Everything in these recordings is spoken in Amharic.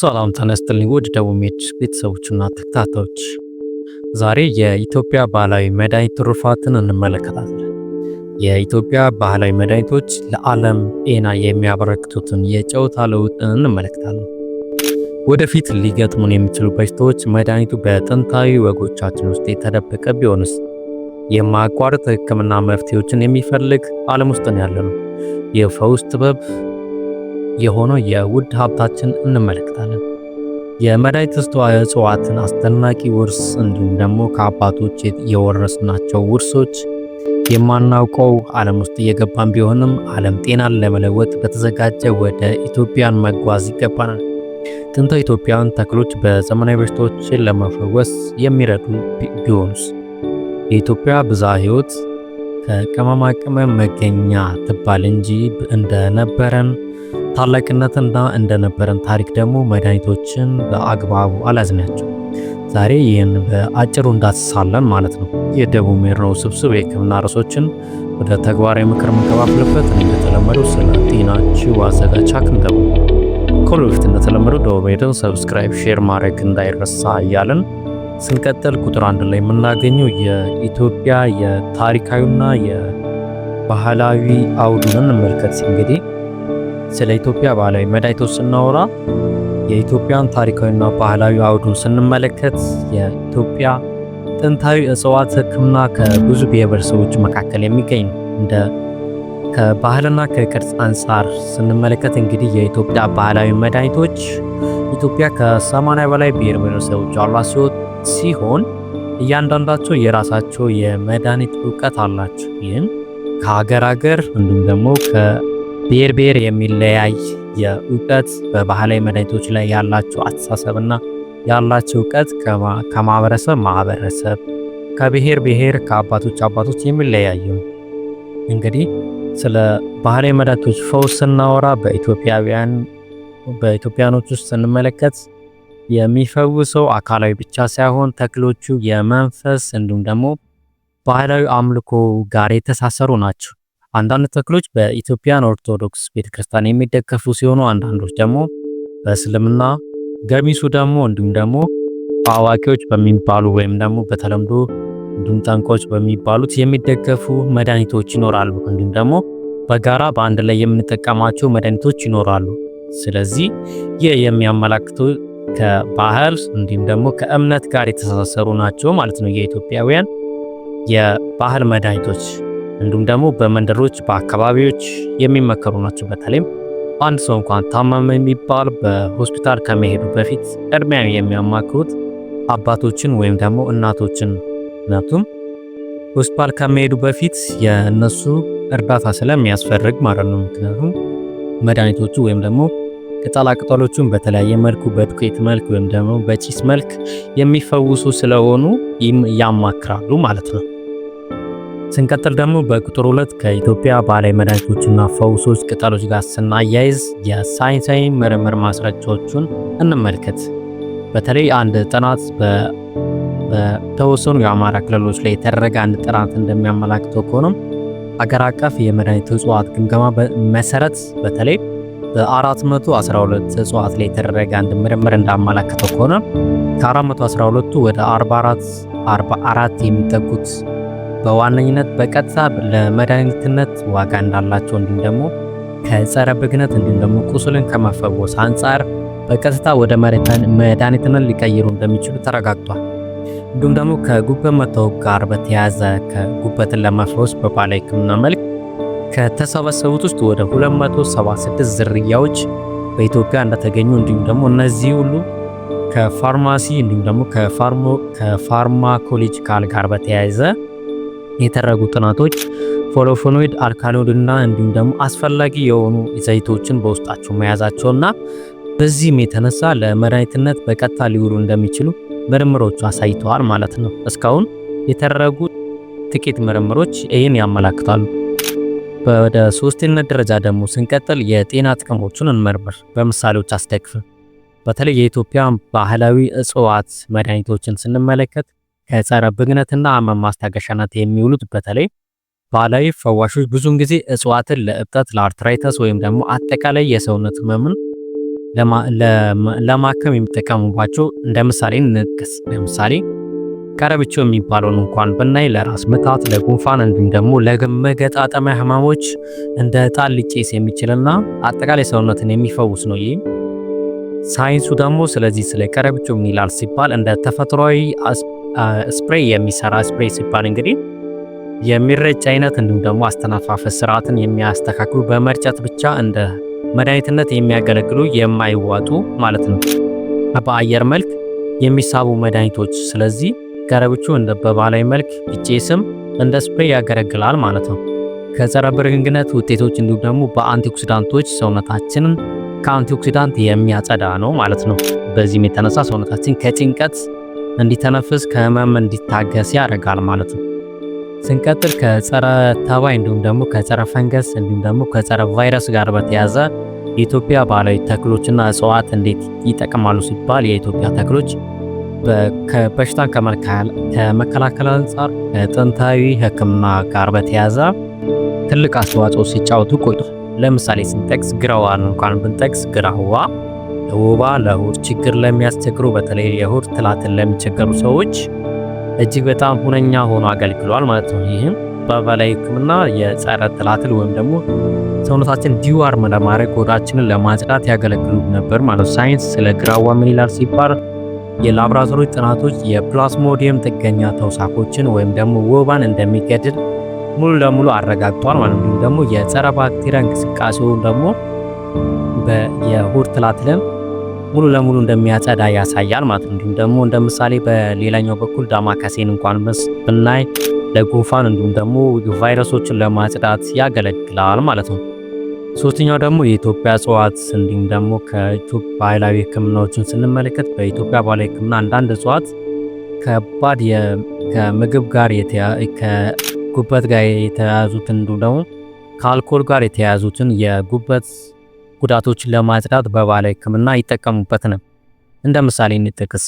ሰላም ተነስተልኝ ውድ ደቡብ ሜድ ቤተሰቦችና ተከታታዮች፣ ዛሬ የኢትዮጵያ ባህላዊ መድኃኒት ትሩፋትን እንመለከታለን። የኢትዮጵያ ባህላዊ መድኃኒቶች ለዓለም ጤና የሚያበረክቱትን የጨውታ ለውጥን እንመለከታለን። ወደፊት ሊገጥሙን የሚችሉ በሽታዎች መድኃኒቱ በጥንታዊ ወጎቻችን ውስጥ የተደበቀ ቢሆንስ? የማያቋርጥ ሕክምና መፍትሄዎችን የሚፈልግ ዓለም ውስጥን ያለ ነው የፈውስ ጥበብ የሆነው የውድ ሀብታችን እንመለከታለን። የመድኃኒት ተስተዋይ እጽዋትን አስደናቂ ውርስ እንዲሁም ደግሞ ከአባቶች የወረስናቸው ውርሶች የማናውቀው ዓለም ውስጥ እየገባን ቢሆንም ዓለም ጤናን ለመለወጥ በተዘጋጀ ወደ ኢትዮጵያን መጓዝ ይገባናል። ጥንተ ኢትዮጵያን ተክሎች በዘመናዊ በሽታዎችን ለመፈወስ የሚረዱ ቢሆኑስ? የኢትዮጵያ ብዝሃ ሕይወት ከቅመማ ቅመም መገኛ ትባል እንጂ እንደነበረን ታላቅነትና እንደነበረን ታሪክ ደግሞ መድኃኒቶችን በአግባቡ አላዝናቸው። ዛሬ ይህን በአጭሩ እንዳስሳለን ማለት ነው። የደቡብ ሜድኖ ስብስብ የህክምና ርዕሶችን ወደ ተግባራዊ ምክር የምንከፋፍልበት እንደተለመደው ስለ ጤናችሁ አዘጋጅ ሐኪም ደቡብ። ከሁሉ በፊት እንደተለመደው ደቡብ ሜድን ሰብስክራይብ፣ ሼር ማድረግ እንዳይረሳ እያለን ስንቀጥል ቁጥር አንድ ላይ የምናገኘው የኢትዮጵያ የታሪካዊና የባህላዊ አውዱን እንመልከት እንግዲህ ስለ ኢትዮጵያ ባህላዊ መድኃኒቶች ስናወራ የኢትዮጵያን ታሪካዊና ባህላዊ አውዱን ስንመለከት የኢትዮጵያ ጥንታዊ እጽዋት ሕክምና ከብዙ ብሔረሰቦች መካከል የሚገኝ ነው። እንደ ከባህልና ከቅርጽ አንጻር ስንመለከት እንግዲህ የኢትዮጵያ ባህላዊ መድኃኒቶች ኢትዮጵያ ከ80 በላይ ብሔር ብሔረሰቦች አሏት ሲሆን እያንዳንዳቸው የራሳቸው የመድኃኒት እውቀት አላቸው። ይህም ከሀገር ሀገር እንዲሁም ደግሞ ብሔር ብሔር የሚለያይ የእውቀት በባህላዊ መድኃኒቶች ላይ ያላቸው አስተሳሰብና ያላቸው እውቀት ከማህበረሰብ ማህበረሰብ ከብሔር ብሔር ከአባቶች አባቶች የሚለያዩ እንግዲህ ስለ ባህላዊ መድኃኒቶች ፈውስ ስናወራ በኢትዮጵያውያን በኢትዮጵያኖች ውስጥ ስንመለከት የሚፈውሰው አካላዊ ብቻ ሳይሆን ተክሎቹ የመንፈስ እንዲሁም ደግሞ ባህላዊ አምልኮ ጋር የተሳሰሩ ናቸው። አንዳንድ ተክሎች በኢትዮጵያን ኦርቶዶክስ ቤተክርስቲያን የሚደገፉ ሲሆኑ አንዳንዶች ደግሞ በእስልምና ገሚሱ ደግሞ እንዲሁም ደግሞ አዋቂዎች በሚባሉ ወይም ደግሞ በተለምዶ እንዲሁም ጠንቆች በሚባሉት የሚደገፉ መድኃኒቶች ይኖራሉ። እንዲሁም ደግሞ በጋራ በአንድ ላይ የምንጠቀማቸው መድኃኒቶች ይኖራሉ። ስለዚህ ይህ የሚያመላክተው ከባህል እንዲሁም ደግሞ ከእምነት ጋር የተሳሰሩ ናቸው ማለት ነው የኢትዮጵያውያን የባህል መድኃኒቶች እንዲሁም ደግሞ በመንደሮች በአካባቢዎች የሚመከሩ ናቸው። በተለይም አንድ ሰው እንኳን ታመመ የሚባል በሆስፒታል ከመሄዱ በፊት ቅድሚያ የሚያማክሩት አባቶችን ወይም ደግሞ እናቶችን። ምክንያቱም ሆስፒታል ከመሄዱ በፊት የእነሱ እርዳታ ስለሚያስፈርግ ማለት ነው። ምክንያቱም መድኃኒቶቹ ወይም ደግሞ ቅጠላ ቅጠሎቹን በተለያየ መልኩ በዱቄት መልክ ወይም ደግሞ በጭስ መልክ የሚፈውሱ ስለሆኑ ያማክራሉ ማለት ነው። ስንቀጥል ደግሞ በቁጥር ሁለት ከኢትዮጵያ ባህላዊ መድኃኒቶችና ፈውሶች ቅጠሎች ጋር ስናያይዝ የሳይንሳዊ ምርምር ማስረጃዎቹን እንመልከት። በተለይ አንድ ጥናት በተወሰኑ የአማራ ክልሎች ላይ የተደረገ አንድ ጥናት እንደሚያመላክተው ከሆነም አገር አቀፍ የመድኃኒት እጽዋት ግምገማ መሰረት በተለይ በ412 እጽዋት ላይ የተደረገ አንድ ምርምር እንዳመላከተው ከሆነ ከ 412 ወደ 44 44 የሚጠጉት በዋነኝነት በቀጥታ ለመድኃኒትነት ዋጋ እንዳላቸው እንዲሁም ደግሞ ከጸረ ብግነት እንዲሁም ደግሞ ቁስልን ከመፈወስ አንጻር በቀጥታ ወደ መድኃኒትነት ሊቀይሩ እንደሚችሉ ተረጋግጧል። እንዲሁም ደግሞ ከጉበት መታወክ ጋር በተያያዘ ከጉበትን ለመፈወስ በባህላዊ ሕክምና መልክ ከተሰበሰቡት ውስጥ ወደ 276 ዝርያዎች በኢትዮጵያ እንደተገኙ እንዲሁም ደግሞ እነዚህ ሁሉ ከፋርማሲ እንዲሁም ደግሞ ከፋርማኮሎጂካል ጋር በተያያዘ የተረጉ ጥናቶች ፎሎፎኖይድ አልካሎይድ እና እንዲሁም ደግሞ አስፈላጊ የሆኑ ዘይቶችን በውስጣቸው መያዛቸውና በዚህም የተነሳ ለመድኃኒትነት በቀጥታ ሊውሉ እንደሚችሉ ምርምሮቹ አሳይተዋል ማለት ነው። እስካሁን የተደረጉ ጥቂት ምርምሮች ይህን ያመላክታሉ። ወደ ሶስተኛነት ደረጃ ደግሞ ስንቀጥል የጤና ጥቅሞቹን እንመርምር በምሳሌዎች አስደግፍ። በተለይ የኢትዮጵያ ባህላዊ እጽዋት መድኃኒቶችን ስንመለከት ከጸረ ብግነትና ህመም ማስታገሻነት የሚውሉት በተለይ ባህላዊ ፈዋሾች ብዙውን ጊዜ እጽዋትን ለእብጠት፣ ለአርትራይተስ ወይም ደግሞ አጠቃላይ የሰውነት ህመምን ለማከም የሚጠቀሙባቸው እንደ ምሳሌ እንጥቀስ። ለምሳሌ ቀረብቸው የሚባለውን እንኳን ብናይ ለራስ ምታት፣ ለጉንፋን እንዲሁም ደግሞ ለመገጣጠሚያ ህመሞች እንደ ዕጣን ሊጤስ የሚችልና አጠቃላይ ሰውነትን የሚፈውስ ነው። ይህ ሳይንሱ ደግሞ ስለዚህ ስለ ቀረብቸው ምን ይላል ሲባል እንደ ተፈጥሯዊ ስፕሬይ የሚሰራ ስፕሬይ ሲባል እንግዲህ የሚረጭ አይነት እንዲሁም ደግሞ አስተናፋፈስ ስርዓትን የሚያስተካክሉ በመርጨት ብቻ እንደ መድኃኒትነት የሚያገለግሉ የማይዋጡ ማለት ነው በአየር መልክ የሚሳቡ መድኃኒቶች። ስለዚህ ገረብቹ እንደ በባህላዊ መልክ ቢጨስም እንደ ስፕሬይ ያገለግላል ማለት ነው። ከጸረ ብግነት ውጤቶች እንዲሁም ደግሞ በአንቲኦክሲዳንቶች ሰውነታችንን ከአንቲኦክሲዳንት የሚያጸዳ ነው ማለት ነው። በዚህም የተነሳ ሰውነታችን ከጭንቀት እንዲተነፍስ ከህመም እንዲታገስ ያደርጋል ማለት ነው። ስንቀጥል ከጸረ ተባይ እንዲሁም ደግሞ ከጸረ ፈንገስ እንዲሁም ደግሞ ከጸረ ቫይረስ ጋር በተያያዘ የኢትዮጵያ ባህላዊ ተክሎችና እጽዋት እንዴት ይጠቅማሉ ሲባል የኢትዮጵያ ተክሎች በሽታን ከመከላከል አንጻር ከጥንታዊ ሕክምና ጋር በተያያዘ ትልቅ አስተዋጽኦ ሲጫወቱ ቆይቷል። ለምሳሌ ስንጠቅስ ግራዋን እንኳን ብንጠቅስ ግራዋ ለወባ፣ ለሆድ ችግር ለሚያስቸግሩ በተለይ የሆድ ትላትን ለሚቸገሩ ሰዎች እጅግ በጣም ሁነኛ ሆኖ አገልግሏል ማለት ነው። ይህም በባህላዊ ሕክምና የጸረ ትላትል ወይም ደግሞ ሰውነታችን ዲዋርም ለማድረግ ሆዳችንን ለማጽዳት ያገለግሉ ነበር ማለት ነው። ሳይንስ ስለ ግራዋ ምን ይላል ሲባል የላብራቶሪ ጥናቶች የፕላስሞዲየም ጥገኛ ተውሳኮችን ወይም ደግሞ ወባን እንደሚገድል ሙሉ ለሙሉ አረጋግጧል ማለት ነው። ደግሞ የጸረ ባክቴሪያ እንቅስቃሴውን ደግሞ የሆድ ትላትልን ሙሉ ለሙሉ እንደሚያጸዳ ያሳያል ማለት ነው። እንዲሁም ደግሞ እንደ ምሳሌ በሌላኛው በኩል ዳማከሴን እንኳን ብናይ ለጉንፋን እንዲሁም ደግሞ ቫይረሶችን ለማጽዳት ያገለግላል ማለት ነው። ሶስተኛው ደግሞ የኢትዮጵያ እጽዋት እንዲሁም ደግሞ ከኢትዮጵያ ባህላዊ ሕክምናዎችን ስንመለከት በኢትዮጵያ ባህላዊ ሕክምና አንዳንድ እጽዋት ከባድ ከምግብ ጋር ከጉበት ጋር የተያያዙትን እንዲሁም ደግሞ ከአልኮል ጋር የተያያዙትን የጉበት ጉዳቶችን ለማጽዳት በባህላዊ ሕክምና ይጠቀሙበት ነው። እንደ ምሳሌ እንጥቀስ።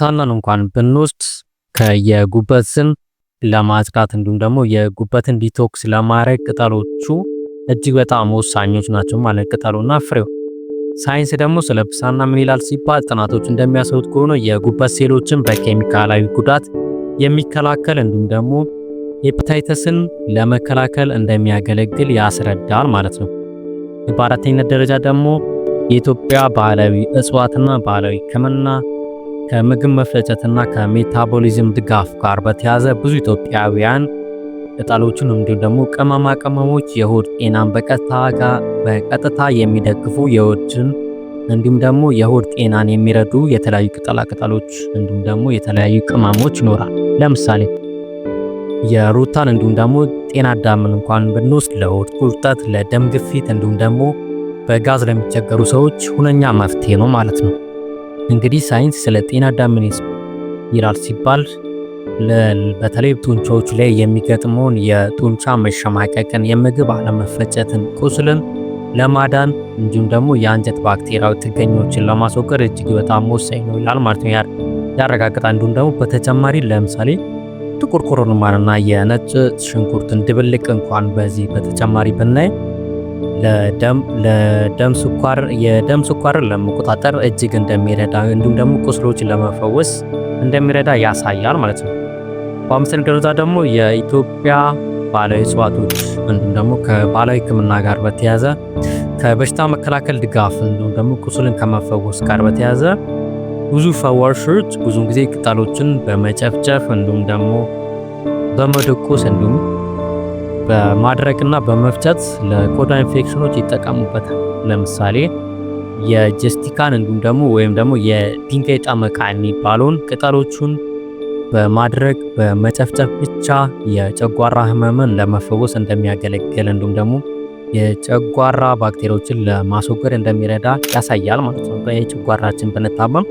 ሳናን እንኳን ብንወስድ ከየጉበት ስም ለማጽዳት እንዲሁም ደግሞ የጉበትን ዲቶክስ ለማድረግ ቅጠሎቹ እጅግ በጣም ወሳኞች ናቸው ማለት ቅጠሉና ፍሬው። ሳይንስ ደግሞ ስለ ብሳና ምን ይላል ሲባል ጥናቶች እንደሚያሳዩት ከሆነ የጉበት ሴሎችን በኬሚካላዊ ጉዳት የሚከላከል እንዲሁም ደግሞ ሄፓታይተስን ለመከላከል እንደሚያገለግል ያስረዳል ማለት ነው። በአራተኝነት ደረጃ ደግሞ የኢትዮጵያ ባህላዊ እጽዋትና ባህላዊ ሕክምና ከምግብ መፈጨትና ከሜታቦሊዝም ድጋፍ ጋር በተያዘ ብዙ ኢትዮጵያውያን ቅጠሎችን እንዲሁም ደግሞ ቅመማ ቅመሞች የሆድ ጤናን በቀጥታ የሚደግፉ የሆድን እንዲሁም ደግሞ የሆድ ጤናን የሚረዱ የተለያዩ ቅጠላ ቅጠሎች እንዲሁም ደግሞ የተለያዩ ቅመሞች ይኖራል። ለምሳሌ የሩታን እንዲሁም ደግሞ ጤና አዳምን እንኳን ብንወስድ ለሆድ ቁርጠት፣ ለደም ግፊት እንዲሁም ደግሞ በጋዝ ለሚቸገሩ ሰዎች ሁነኛ መፍትሄ ነው ማለት ነው። እንግዲህ ሳይንስ ስለ ጤና አዳምን ይላል ሲባል በተለይ ጡንቻዎች ላይ የሚገጥመውን የጡንቻ መሸማቀቅን፣ የምግብ አለመፈጨትን፣ ቁስልን ለማዳን እንዲሁም ደግሞ የአንጀት ባክቴሪያዊ ጥገኞችን ለማስወገድ እጅግ በጣም ወሳኝ ነው ይላል ማለት ነው ያረጋግጣል። እንዲሁም ደግሞ በተጨማሪ ለምሳሌ ጥቁር ኮረሪማንና የነጭ ሽንኩርትን ድብልቅ እንኳን በዚህ በተጨማሪ ብናይ ለደም ስኳር የደም ስኳርን ለመቆጣጠር እጅግ እንደሚረዳ እንዲሁም ደግሞ ቁስሎች ለመፈወስ እንደሚረዳ ያሳያል ማለት ነው። በአምስተኛ ደረጃ ደግሞ የኢትዮጵያ ባህላዊ እጽዋቶች እንዲሁም ደግሞ ከባህላዊ ሕክምና ጋር በተያያዘ ከበሽታ መከላከል ድጋፍ እንዲሁም ደግሞ ቁስልን ከመፈወስ ጋር በተያያዘ ብዙ ፈዋሾች ብዙ ጊዜ ቅጠሎችን በመጨፍጨፍ እንዲሁም ደግሞ በመደቆስ እንዲሁም በማድረቅና በመፍጨት ለቆዳ ኢንፌክሽኖች ይጠቀሙበታል። ለምሳሌ የጀስቲካን እንዲሁም ደግሞ ወይም ደግሞ የድንጋይ ጠመቃ የሚባለውን ቅጠሎቹን በማድረግ በመጨፍጨፍ ብቻ የጨጓራ ህመምን ለመፈወስ እንደሚያገለግል እንዲሁም ደግሞ የጨጓራ ባክቴሪያዎችን ለማስወገድ እንደሚረዳ ያሳያል ማለት ነው። በጨጓራችን ብንታመም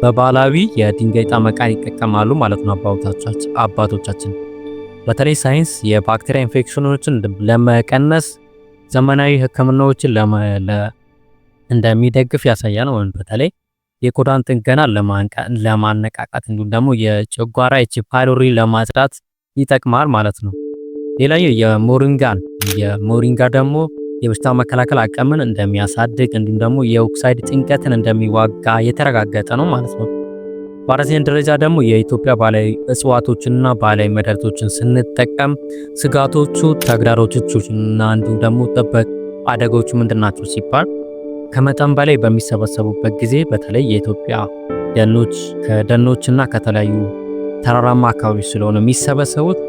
በባህላዊ የድንጋይ ጣመቃ ይጠቀማሉ ማለት ነው አባቶቻችን። በተለይ ሳይንስ የባክቴሪያ ኢንፌክሽኖችን ለመቀነስ ዘመናዊ ሕክምናዎችን እንደሚደግፍ ያሳያል። ወይም በተለይ የቆዳን ጥገና ለማነቃቃት እንዲሁም ደግሞ የጨጓራ ኤች ፓይሎሪ ለማጽዳት ይጠቅማል ማለት ነው። ሌላኛው የሞሪንጋን የሞሪንጋ ደግሞ የበሽታ መከላከል አቅምን እንደሚያሳድግ እንዲሁም ደግሞ የኦክሳይድ ጭንቀትን እንደሚዋጋ የተረጋገጠ ነው ማለት ነው። በአራተኛ ደረጃ ደግሞ የኢትዮጵያ ባህላዊ እጽዋቶችንና ባህላዊ መድኃኒቶችን ስንጠቀም ስጋቶቹ፣ ተግዳሮቶቹና እንዲሁም ደግሞ ጥበቅ አደጋዎቹ ምንድን ናቸው ሲባል ከመጠን በላይ በሚሰበሰቡበት ጊዜ በተለይ የኢትዮጵያ ደኖች ከደኖችና ከተለያዩ ተራራማ አካባቢዎች ስለሆነ የሚሰበሰቡት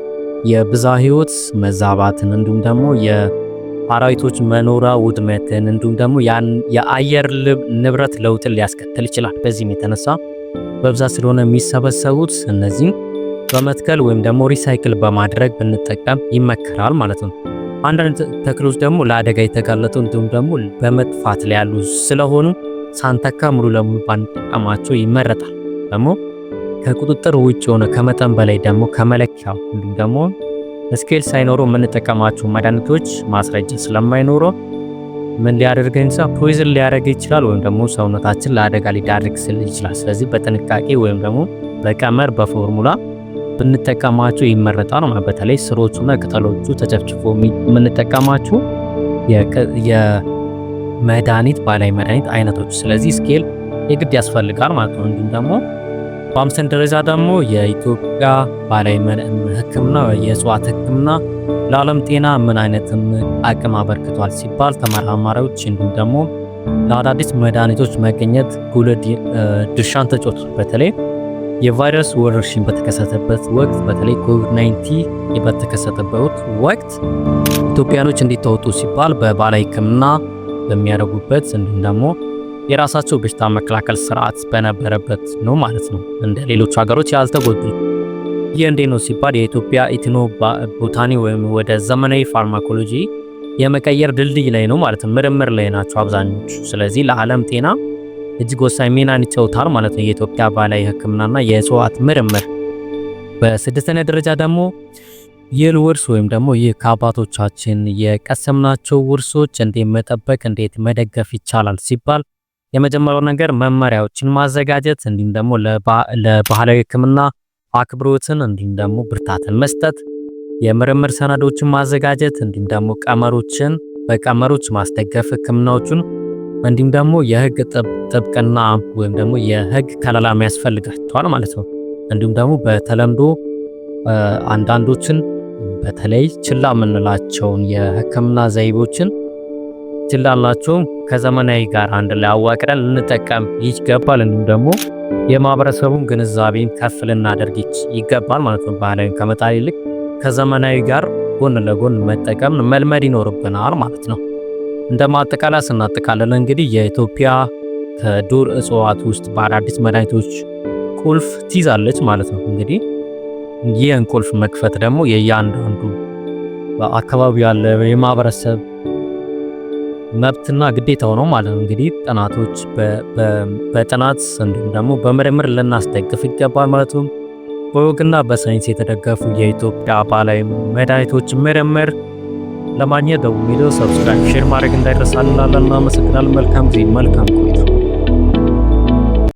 የብዝሃ ህይወት መዛባትን እንዲሁም ደግሞ ፓራይቶች መኖሪያ ውድመትን እንዲሁም ደግሞ የአየር ንብረት ለውጥን ሊያስከትል ይችላል። በዚህም የተነሳ በብዛት ስለሆነ የሚሰበሰቡት እነዚህ በመትከል ወይም ደግሞ ሪሳይክል በማድረግ ብንጠቀም ይመከራል ማለት ነው። አንዳንድ ተክሎች ደግሞ ለአደጋ የተጋለጡ እንዲሁም ደግሞ በመጥፋት ላይ ያሉ ስለሆኑ ሳንተካ ሙሉ ለሙሉ ባንጠቀማቸው ይመረጣል። ደግሞ ከቁጥጥር ውጭ የሆነ ከመጠን በላይ ደግሞ ከመለኪያ እንዲሁም ደግሞ ስኬል ሳይኖሩ የምንጠቀማቸው መድኃኒቶች ማስረጃ ስለማይኖሩ ምን ሊያደርገን እንስሳ ፖይዝን ሊያደርግ ይችላል፣ ወይም ደግሞ ሰውነታችን ለአደጋ ሊዳርግ ስል ይችላል። ስለዚህ በጥንቃቄ ወይም ደግሞ በቀመር በፎርሙላ ብንጠቀማቸው ይመረጣል ማለት በተለይ ስሮቹና ቅጠሎቹ ተጨፍጭፎ የምንጠቀማቸው የመድኃኒት ባህላዊ መድኃኒት አይነቶች ስለዚህ ስኬል የግድ ያስፈልጋል ማለት ነው። እንዲሁም ደግሞ በአምስተኛ ደረጃ ደግሞ የኢትዮጵያ ባህላዊ ሕክምና የእጽዋት ሕክምና ለዓለም ጤና ምን አይነት አቅም አበርክቷል ሲባል ተመራማሪዎች እንዲሁም ደግሞ ለአዳዲስ መድኃኒቶች መገኘት ጉልህ ድርሻን ተጫውቷል። በተለይ የቫይረስ ወረርሽኝ በተከሰተበት ወቅት በተለይ ኮቪድ-19 በተከሰተበት ወቅት ኢትዮጵያኖች እንዲታወጡ ሲባል በባህላዊ ሕክምና በሚያደርጉበት እንዲሁም ደግሞ የራሳቸው በሽታ መከላከል ስርዓት በነበረበት ነው ማለት ነው። እንደ ሌሎች ሀገሮች ያልተጎዱ። ይህ እንዴት ነው ሲባል የኢትዮጵያ ኢትኖ ቦታኒ ወይም ወደ ዘመናዊ ፋርማኮሎጂ የመቀየር ድልድይ ላይ ነው ማለት ነው። ምርምር ላይ ናቸው አብዛኞቹ። ስለዚህ ለዓለም ጤና እጅግ ወሳኝ ሚናን ይጫወታል ማለት ነው የኢትዮጵያ ባህላዊ ሕክምናና የእጽዋት ምርምር። በስድስተኛ ደረጃ ደግሞ ይህ ውርስ ወይም ደግሞ ይህ ከአባቶቻችን የቀሰምናቸው ውርሶች እንዴት መጠበቅ እንዴት መደገፍ ይቻላል ሲባል የመጀመሪያው ነገር መመሪያዎችን ማዘጋጀት እንዲሁም ደግሞ ለባህላዊ ሕክምና አክብሮትን እንዲሁም ደግሞ ብርታትን መስጠት፣ የምርምር ሰነዶችን ማዘጋጀት እንዲሁም ደግሞ ቀመሮችን በቀመሮች ማስደገፍ ሕክምናዎቹን እንዲሁም ደግሞ የህግ ጥብቅና ወይም ደግሞ የህግ ከለላም ያስፈልጋቸዋል ማለት ነው። እንዲሁም ደግሞ በተለምዶ አንዳንዶችን በተለይ ችላ የምንላቸውን የህክምና ዘይቦችን ችላላቸው ከዘመናዊ ጋር አንድ ላይ አዋቅረን ልንጠቀም ይገባል። እንዲሁም ደግሞ የማህበረሰቡን ግንዛቤን ከፍ ልናደርግ ይገባል ማለት ነው። ባህላዊ ከመጣል ይልቅ ከዘመናዊ ጋር ጎን ለጎን መጠቀም መልመድ ይኖርብናል ማለት ነው። እንደ ማጠቃለያ ስናጠቃልል እንግዲህ የኢትዮጵያ ከዱር እጽዋት ውስጥ በአዳዲስ መድኃኒቶች ቁልፍ ትይዛለች ማለት ነው። እንግዲህ ይህን ቁልፍ መክፈት ደግሞ የእያንዳንዱ በአካባቢው ያለ የማህበረሰብ መብትና ግዴታ ሆኖ ማለት ነው። እንግዲህ ጥናቶች በጥናት እንዲሁም ደግሞ በምርምር ልናስደግፍ ይገባል ማለት ነው። በወግና በሳይንስ የተደገፉ የኢትዮጵያ ባህላዊ መድኃኒቶች ምርምር ለማግኘት ደቡብ ሚዲዮ ሰብስክራይብ፣ ሼር ማድረግ እንዳይረሳ እንላለን። እናመሰግናለን። መልካም ጊዜ፣ መልካም ቆይታ